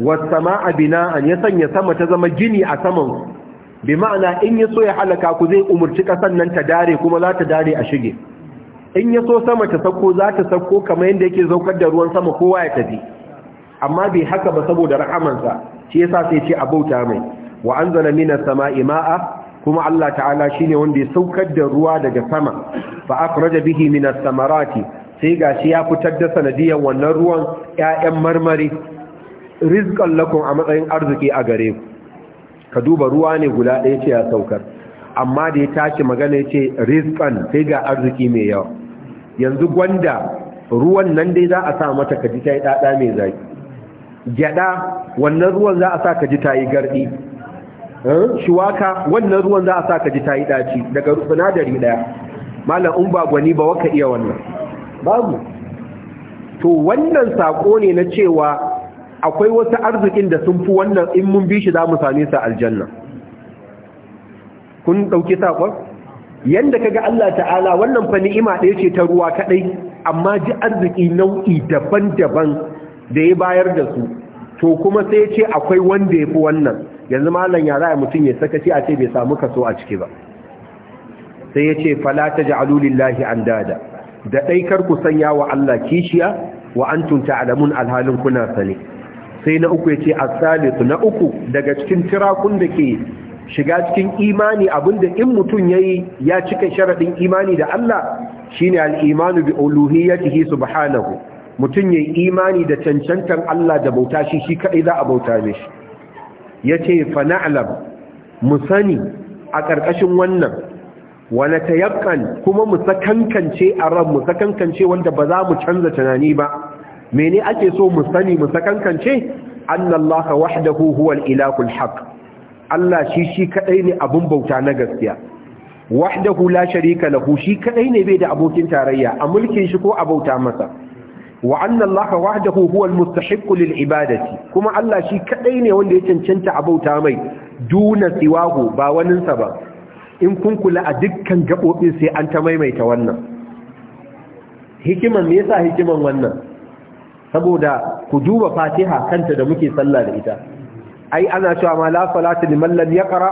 was samaa bina'an ya sanya sama ta zama gini a saman bi ma'ana in so ya halaka ku zai umurci ƙasan nan ta dare kuma za ta dare a shige in yaso sama ta sako za ta sako kamar yadda yake zaukar da ruwan sama kowa ya tafi amma bai haka ba saboda rahamansa shi yasa sai ce bauta mai wa anzala minas sama'i ma'a kuma Allah ta'ala shine wanda ya saukar da ruwa daga sama fa akhraja bihi minas samarati sai ga shi ya fitar da sanadiyar wannan ruwan ƴaƴan marmari rizqan lakum a matsayin arziki a gare ku ka duba ruwa ne guda ɗaya ce ya saukar amma da ya tashi magana ya ce rizqan sai ga arziki mai yawa yanzu gwanda ruwan nan dai za a sa mata kaji ta yi ɗaɗa mai zaki gyada wannan ruwan za a sa kaji ta yi garɗi Shuwaka? wannan ruwan za a sa ka ji ta yi ɗaci daga sinadari ɗaya malam in ba gwani ba waka iya wannan babu to wannan sako ne na cewa akwai wasu arzikin da sun fi wannan in mun bi shi za mu same su aljanna kun ɗauki Yadda yanda ga Allah ta'ala wannan fa ni'ima ɗaya ce ta ruwa kaɗai amma ji arziki nau'i daban-daban da ya bayar da su to kuma sai ce akwai wanda ya fi wannan yanzu malam ya za mutum ya sakaci a ce bai samu kaso a ciki ba sai ya ce fala ta lillahi andada da dai kar ku sanya wa Allah kishiya wa antum ta'lamun alhalin kuna sani sai na uku yace as-salisu na uku daga cikin tirakun da ke shiga cikin imani abinda in mutum yayi ya cika sharaɗin imani da Allah shine al-imanu bi uluhiyyatihi subhanahu mutum yayi imani da cancantan Allah da bauta shi shi kadai za a bauta mishi ya ce fana'alam mu sani a ƙarƙashin wannan wane ta kuma mu sakankance a ran mu sakankance wanda ba za mu canza tunani ba mene ake so mu sani mu sakankance annallaha wahdahu huwal ilahul haq Allah shi shi kadai ne abun bauta na gaskiya wahdahu la sharika lahu shi kadai ne bai da abokin tarayya a mulkin shi ko a bauta masa wa anna Allah wahdahu huwa al-mustahiq kuma Allah shi kadai ne wanda ya cancanta a bauta mai duna siwahu ba waninsa ba in kun kula a dukkan gabobin sai an ta maimaita wannan hikiman me yasa hikiman wannan saboda ku duba Fatiha kanta da muke sallah da ita ai ana cewa ma la salata liman lam yaqra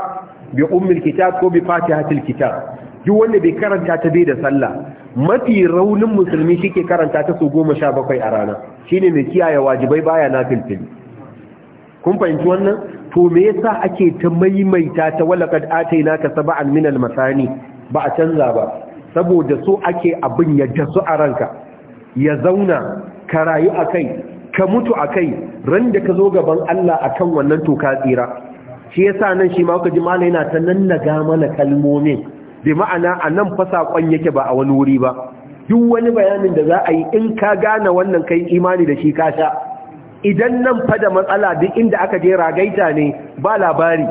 bi ummil kitab ko bi fatihatil kitab duk wanda bai karanta ta bai da sallah mafi raunin musulmi shi ke karanta ta su goma sha bakwai a rana shi ne mai kiyaye wajibai baya na filfili kun fahimci wannan to me yasa ake ta maimaita ta kad ataina ka sab'an min al-masani ba a canza ba saboda so ake abin ya dasu a ranka ya zauna ka rayu akai ka mutu akai ran da ka zo gaban Allah akan wannan to ka tsira shi yasa nan shi ma kuka ji malai na ta nannaga mana kalmomin bi ma'ana a nan fasakon yake ba a wani wuri ba duk wani bayanin da za a yi in ka gane wannan kai imani da shi ka sha idan nan fa da matsala duk inda aka je ragaita ne ba labari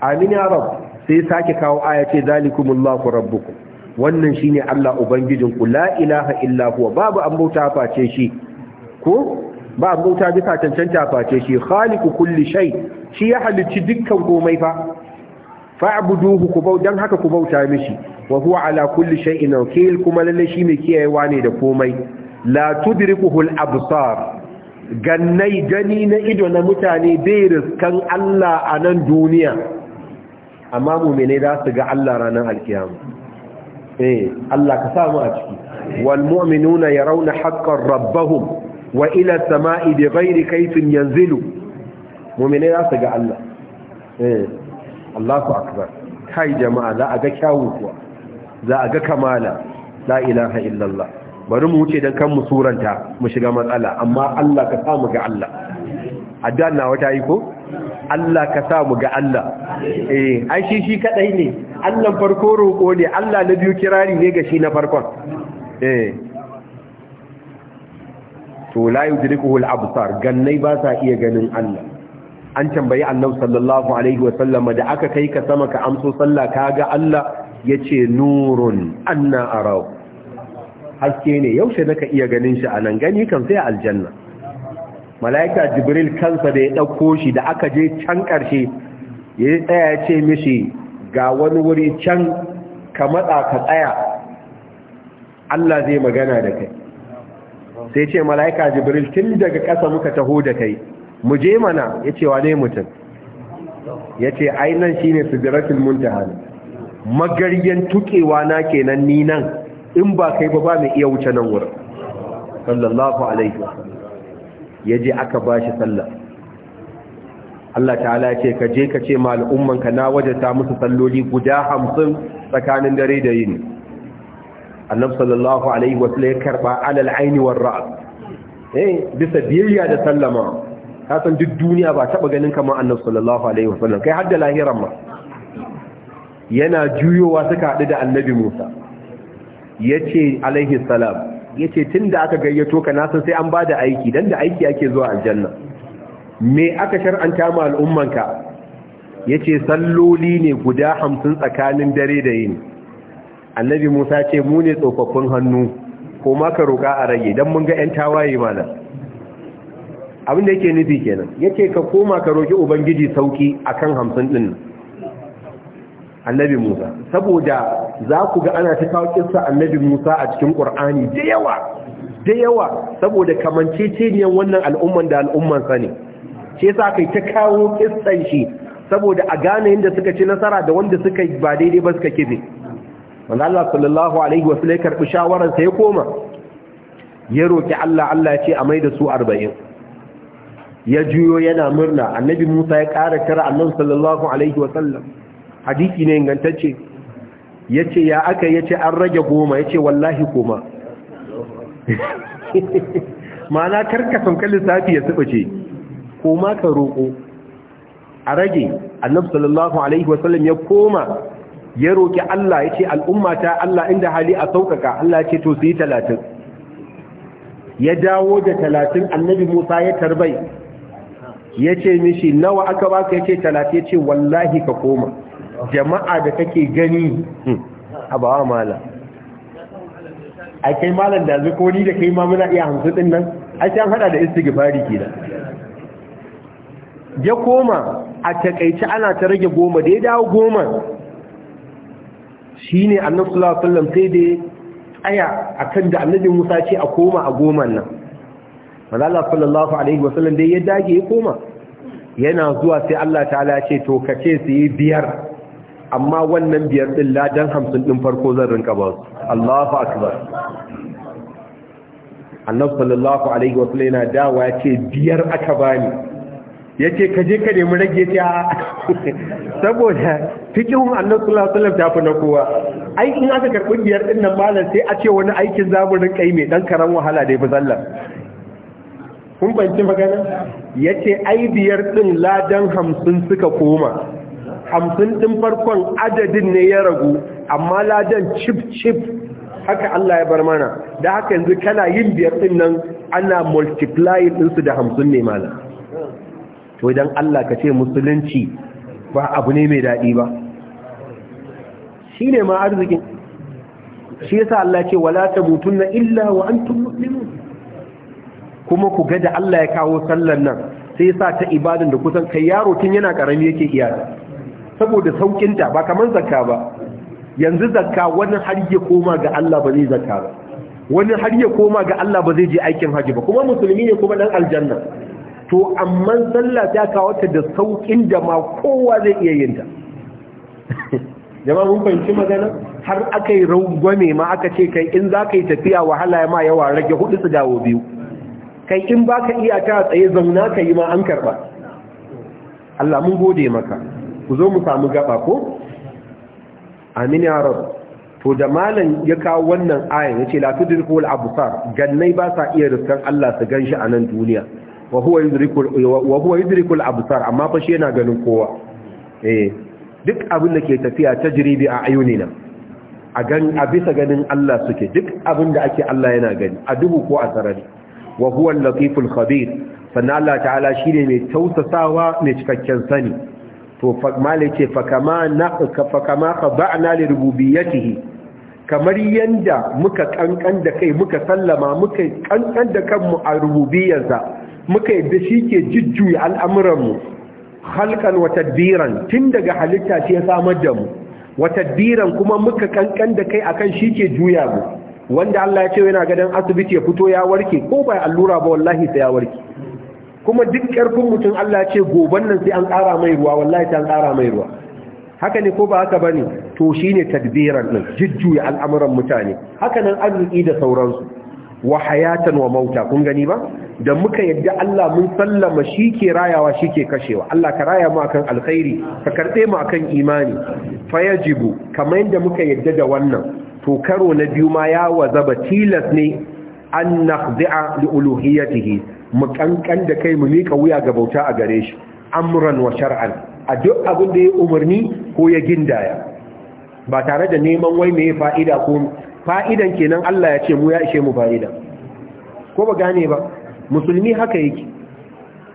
amin ya rab sai sake kawo aya ce zalikumullahu rabbukum wannan shine Allah ubangijin ku la ilaha illa huwa babu an bauta face shi ko ba an bauta bisa cancanta face shi khaliqu kulli shay shi ya halicci dukkan komai fa fa'buduhu ku bau dan haka ku bauta mishi wa huwa ala kulli shay'in wakil kuma lalle shi mai kiyayewa ne da komai la tudrikuhu al-absar gannai gani na ido na mutane bai riskan Allah a nan duniya amma mu menene za su ga Allah ranar alkiyama eh Allah ka samu a ciki wal mu'minuna yarawna haqqan rabbahum wa ila samai bi ghairi kayfin yanzilu mu'mine za su ga Allah eh Allahu akbar kai jama'a za a ga kyawu kuwa za a ga kamala la ilaha illallah bari mu wuce dan kan mu suranta mu shiga matsala amma Allah ka sa mu ga Allah addu'a na wata yi ko Allah ka sa mu ga Allah eh ai shi shi kadai ne Allah farko roko ne Allah na biyu kirari ne ga shi na farkon eh to la yudrikuhu al-absar gannai ba sa iya ganin Allah an tambayi annabi sallallahu alaihi wa sallam da aka kai ka sama ka amso sallah kaga Allah yace nurun anna arau haske ne yaushe naka iya ganin shi anan gani kan sai aljanna malaika jibril kansa da ya dauko shi da aka je can karshe ya tsaya ya ce mishi ga wani wuri can ka matsa ka tsaya Allah zai magana da kai sai ce malaika jibril tun daga ƙasa muka taho da kai mu je mana ya ce wane mutum ya ce ainihin shi ne sigiratul muntaha ne magaryan tukewa na kenan ni nan in ba kai ba ba mai iya wuce nan wurin sallallahu alaihi ya je aka ba shi sallah Allah ta'ala ya ce ka je ka ce ma al'ummanka na wajata musu salloli guda hamsin tsakanin dare da yini annab sallallahu alaihi wasu ya karba alal aini eh bisa biyayya da sallama ka san duk duniya ba taba ganin kamar annabi sallallahu alaihi wasallam kai hadda lahiran ma yana juyowa suka haɗu da annabi Musa yace alaihi salam yace tunda aka gayyato ka na san sai an bada aiki dan da aiki ake zuwa aljanna me aka shar'anta ma al'ummanka yace salloli ne guda hamsin tsakanin dare da yini annabi Musa ce mu ne tsofaffin hannu ko ma ka roka a rage dan mun ga 'yan tawaye malam abin da yake nufi kenan yake ka koma ka roki ubangiji sauki akan hamsin din annabi Musa saboda za ku ga ana ta kawo kissa annabi Musa a cikin Qur'ani da yawa da yawa saboda ce ne wannan al'umman da al'umman sa ne shi yasa kai ta kawo kissan shi saboda a gane yadda suka ci nasara da wanda suka ba daidai ba suka kife wanda Allah sallallahu alaihi wa ya karbi shawararsa ya koma ya roki Allah Allah ya ce a maida su arba'in. ya juyo yana murna annabi Musa ya ƙara kira annabi sallallahu alaihi wasallam hadisi ne ingantacce yace ya aka yace an rage goma yace wallahi koma <laughs> ma'ana karka kalli lissafi ya tsibace koma ka roƙo a rage annabi sallallahu alaihi wasallam ya koma ya roƙi Allah yace al'umma ta Allah inda hali a saukaka Allah yace to sai yi 30 ya dawo da 30 annabi Musa ya tarbai ya ce mishi nawa aka baka ya ce talata ya ce wallahi ka koma jama'a da kake gani hmm, a bawa mala a kai malar da ni da kai mamuna iya hamsin din nan a an hada da istighfari ke da. ya koma a takaici ana ta rage goma da ya dawo goma shi ne annabi sallallahu sai da tsaya akan da annabin Musa ce a koma a goman nan manzo Allah sallallahu alaihi wasallam dai ya dage ya koma yana zuwa sai Allah ta'ala ce to kace su yi biyar amma wannan biyar din ladan 50 din farko zan rinka ba su Allahu akbar Annabi sallallahu alaihi wasallam yana dawa ya ce biyar aka bani yace ka je ka nemi rage ta <laughs> saboda fikihun Annabi sallallahu alaihi wasallam ta fi na kowa ai in aka karbi biyar din nan malam sai a ce wani aikin rinka kai mai dan karan wahala da ya fi kun fahimci magana ya ce ai biyar ɗin ladan hamsin suka koma hamsin ɗin farkon adadin ne ya ragu amma ladan chip chip haka Allah ya bar mana da haka yanzu kana yin biyar ɗin nan ana multiply ɗinsu da hamsin ne mana to idan Allah ka ce musulunci ba abu ne mai daɗi ba shi ne ma arzikin shi yasa Allah ce wala tabutunna illa wa antum muslimun kuma ku ga da Allah ya kawo sallan nan sai ya sa ta ibadan da kusan kai yaro tun yana karami yake iya saboda saukin ta ba kamar zakka ba yanzu zakka wani har ya koma ga Allah ba zai zakka ba wani har ya koma ga Allah ba zai je aikin haji ba kuma musulmi ne kuma dan aljanna to amma sallah ta kawo ta da saukin da ma kowa zai iya yin ta <laughs> jama'a mun fahimci magana har aka yi rangwame ma aka ce kai in za yi tafiya wahala ya ma yawa rage hudu su dawo biyu kai in baka iya ta tsaye zauna ka yi ma an karba Allah mun gode maka ku zo mu samu gaba ko amin ya rabu to da malam ya kawo wannan ayan yace la al absar gannai ba sa iya riskan Allah su ganshi a nan duniya wa huwa yudriku wa huwa al absar amma fa shi yana ganin kowa eh duk abin da ke tafiya tajribi a ayunina a gan a bisa ganin Allah suke duk abin da ake Allah yana gani a dubu ko a sarari wa huwa al-latiful khabir sannan Allah ta'ala shine mai tausasawa mai cikakken sani to mali ce fa kama ka fa kama li rububiyyatihi kamar yanda muka kankan da kai muka sallama muka kankan da kanmu a rububiyyarsa muka yadda ke jujjuya al'amuranmu halkan wa tadbiran tun daga halitta shi ya samar da mu wa tadbiran kuma muka kankan da kai akan shi ke juya mu wanda Allah ya ce yana gadan asibiti ya fito ya warke ko ba allura ba wallahi sai ya warke kuma duk karfin mutum Allah ya ce goban nan sai an ƙara mai ruwa wallahi sai an ƙara mai ruwa haka ne ko ba haka bane to shine tadbiran din jujjuya al'amuran mutane haka nan arziki da sauransu wa hayatan wa mauta kun gani ba da muka yadda Allah mun sallama shi ke rayawa shi ke kashewa Allah ka raya mu akan alkhairi ka karbe mu akan imani fayajibu kamar yadda muka yadda da wannan to karo na biyu ma ya wazaba tilas ne an nakhdi'a li uluhiyatihi mu kankan da kai mu mika wuya ga bauta a gare shi amran wa shar'an a duk abin da ya umarni ko ya gindaya ba tare da neman wai mai fa'ida ko fa'idan kenan Allah ya ce mu ya ishe mu fa'ida ko ba gane ba musulmi haka yake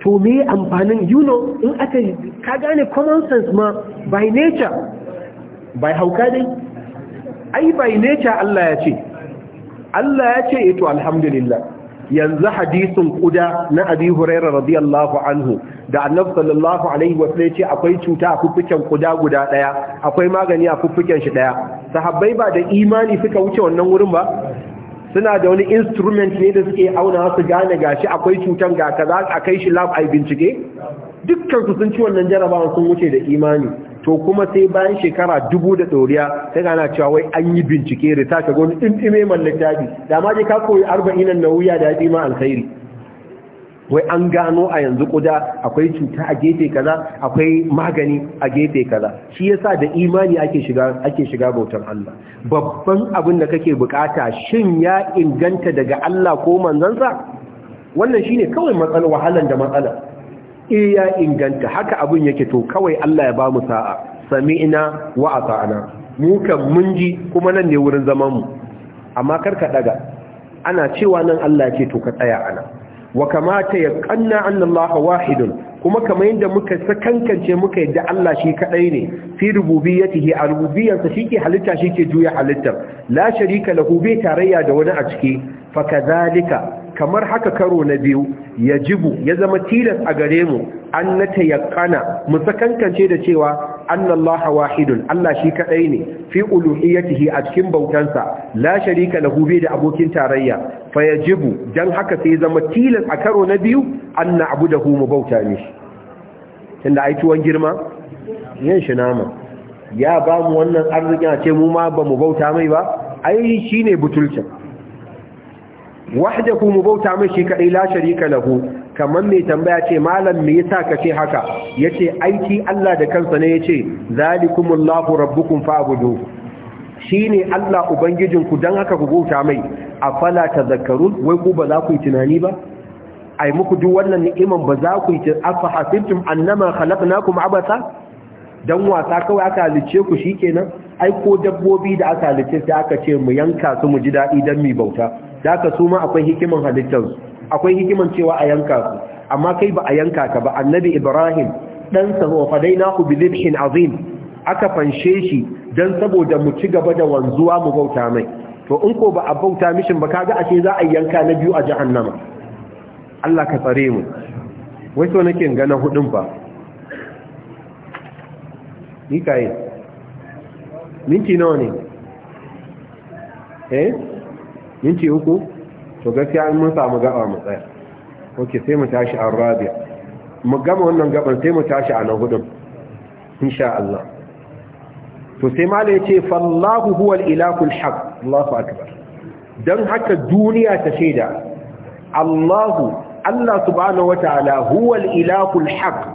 to me amfanin you know in aka ka gane common sense ma by nature by hauka dai ai ne ta Allah ya ce Allah ya ce to alhamdulillah yanzu hadisin kuda na abi hurairah radiyallahu anhu da annabi sallallahu alaihi wa sallam ce akwai cuta a fuffuken kuda guda daya akwai magani a fuffuken shi daya sahabbai ba da imani suka wuce wannan wurin ba suna da wani instrument ne da suke auna su gane gashi akwai cutan ga kaza a kai shi lab ai bincike dukkan ku sun ci wannan jarabawan sun wuce da imani to kuma sai bayan shekara dubu da ɗoriya sai ana cewa wai an yi bincike da ta ka gani ɗimɗime mallaki da ma je ka koyi arba'in na wuya da ya ma alkhairi wai an gano a yanzu kuda akwai cuta a gefe kaza akwai magani a gefe kaza shi yasa da imani ake shiga ake bautar Allah babban abin da kake bukata shin ya inganta daga Allah ko manzansa wannan shine kawai matsalar wahalan da matsalar iya e, inganta haka abin yake to kawai Allah ya ba mu sa'a sami'na wa ata'na mu kan mun ji kuma nan ne wurin zaman mu amma karka daga ana cewa nan Allah yake to ka tsaya ana wa kamata ya kanna annallahu wahidun kuma kamar yadda muka sakankance muka yadda Allah shi kadai ne fi rububiyyatihi shi ke shike halitta shike juya halittar la sharika lahu bi tarayya da wani a ciki fa kadhalika kamar haka karo na biyu ya jibu, ya zama tilas a gare mu an na tayakkana mu sakankance da cewa annallaha wahidun Allah shi kaɗai ne fi uluhiyatihi a cikin bautansa la sharika lahu bi da abokin tarayya fa jibu, dan haka sai zama tilas a karo na biyu an na'budahu mu bauta mishi tunda ai tuwon girma yin nama ya ba mu wannan arzikin a ce mu ma ba mu bauta mai ba ai shine butulcin wahdahu mu bauta mai shi kadai la sharika lahu kamar mai tambaya ce malam me yasa kace haka yace aiki Allah da kansa ne yace zalikumullahu rabbukum fa'budu shine Allah ubangijin ku dan haka ku bauta mai afala tazakkarun wai ku ba za ku yi tunani ba ai muku duk wannan ni'iman ba za ku yi afa hasibtum annama khalaqnakum abasa dan wasa kawai aka halice ku shi kenan, ai ko dabbobi da aka halice sai aka ce mu yanka su mu ji daɗi dan mi bauta da aka su ma akwai hikiman halittarsu, akwai hikiman cewa a yanka su amma kai ba a yanka ka ba annabi ibrahim dan sa wa ku bi dhibhin azim aka fanshe shi dan saboda mu ci gaba da wanzuwa mu bauta mai to in ko ba a bauta mishin ba kaga ashe za a yanka na biyu a jahannama Allah ka tsare mu wai so nake gana hudun ba mikael minti nawa ne eh minti uku to gaskiya mun samu gaba mu tsaya ok sai mu tashi an rabia mu gama wannan gaban sai mu tashi a nan hudun insha Allah to sai mala ya ce fallahu huwal ilahul haq Allahu akbar dan haka duniya ta shaida Allahu Allah subhanahu wataala huwal ilahul haq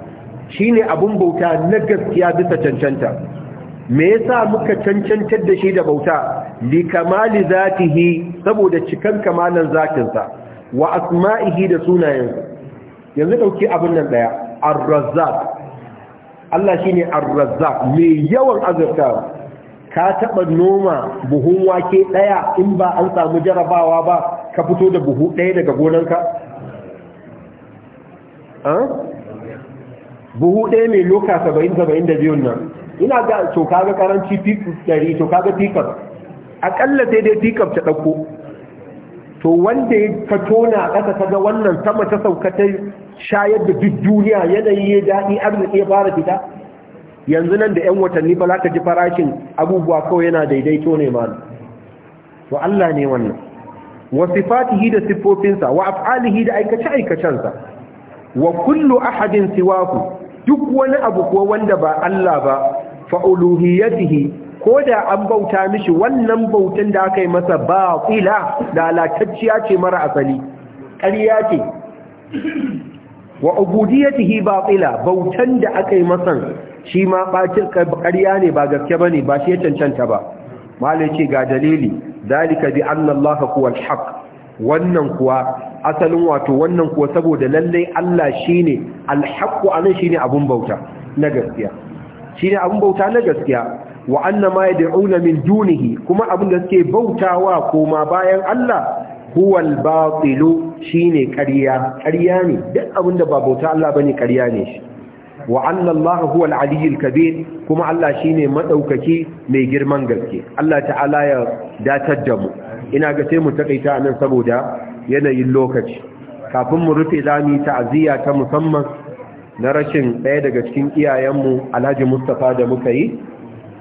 shine abun bauta na gaskiya bisa cancanta me yasa muka cancantar da shi da bauta li kamali zatihi saboda cikan kamalan zafinsa. wa asma'ihi da sunayensa yanzu dauki abin nan daya ar Allah shine ar-razzaq me yawan azurta ka taɓa noma buhun wake ɗaya in ba an samu jarabawa ba ka fito da buhu ɗaya daga gonanka buhu ɗaya mai loka saba'in saba'in da biyun nan ina ga to kaga karanci ɗari to kaga pickup aƙalla sai dai pickup ta ɗauko to wanda ya ka tona ƙasa ga wannan sama ta sauka ta shayar da duk duniya yanayi ya daɗi arziki ya fara fita yanzu nan da 'yan watanni ba za ka ji farashin abubuwa kawai yana daidaito ne ma to Allah ne wannan wa sifatihi da siffofinsa wa af'alihi da aikace aikacensa wa kullu ahadin siwaku, duk wani abu kuwa wanda ba Allah ba fa uluhiyatihi ko da an bauta mishi wannan bautan da aka yi masa ba tsila da latacciya ce mara asali ƙarya ce wa ubudiyatihi ba tsila bautan da aka yi masa shi ma ɓacin ƙarya ne ba gaske ba ne ba shi ya cancanta ba malai ce ga dalili dalika bi annallaha kuwa hak, wannan kuwa asalin wato wannan kuwa saboda lallai Allah shine alhaqqu anan ne abin bauta na gaskiya ne abin bauta na gaskiya wa anna ma yad'una min dunihi kuma abin da suke bautawa koma bayan Allah Huwal al shi ne ƙarya ƙarya ne duk abin da ba bauta Allah bane ƙarya ne shi wa anna Allah huwa al kabir kuma Allah shine maɗaukaki mai girman gaske Allah ta'ala ya datar da mu ina ga sai mu takaita nan saboda yanayin lokaci kafin mu rufe zami ta'aziyya ta musamman na rashin ɗaya daga cikin iyayenmu Alhaji Mustapha da muka yi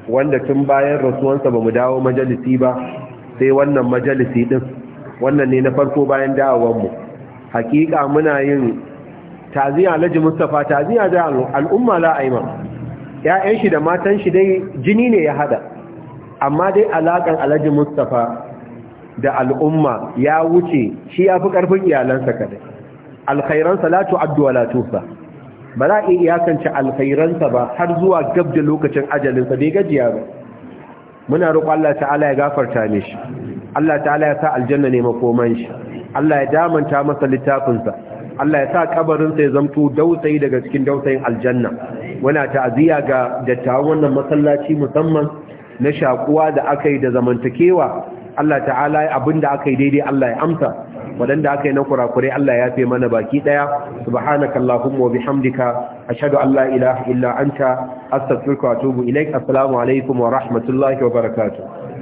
wanda tun bayan rasuwansa bamu dawo majalisi ba sai wannan majalisi din wannan ne na farko bayan mu hakika muna yin ta'ziya Alhaji Mustapha ta'ziya da al'umma la'aima ‘ya'yan shi da matan shi dai jini ne ya hada amma dai alaƙar alhaji mustapha da al'umma ya wuce shi ya fi ƙarfin iyalansa kadai alkhairansa Salatu tu'addu wa la ba za a iya iyakance alkhairansa ba har zuwa gab da lokacin ajalinsa bai gajiya ba muna roƙo Allah ta'ala ya gafarta mishi Allah ta'ala ya sa aljanna ne makoman shi Allah ya damanta masa littafinsa Allah ya sa kabarinsa ya zamto dausayi daga cikin dausayin aljanna muna ta'aziya ga dattawan wannan masallaci musamman na shakuwa da aka yi da zamantakewa Allah ta'ala da aka yi daidai Allah ya amsa waɗanda aka yi na kurakurai Allah ya fi mana baki ɗaya subhanakallahumma wa bihamdika ashhadu an la ilaha illa anta astaghfiruka wa atubu ilaik assalamu alaikum wa rahmatullahi wa barakatuh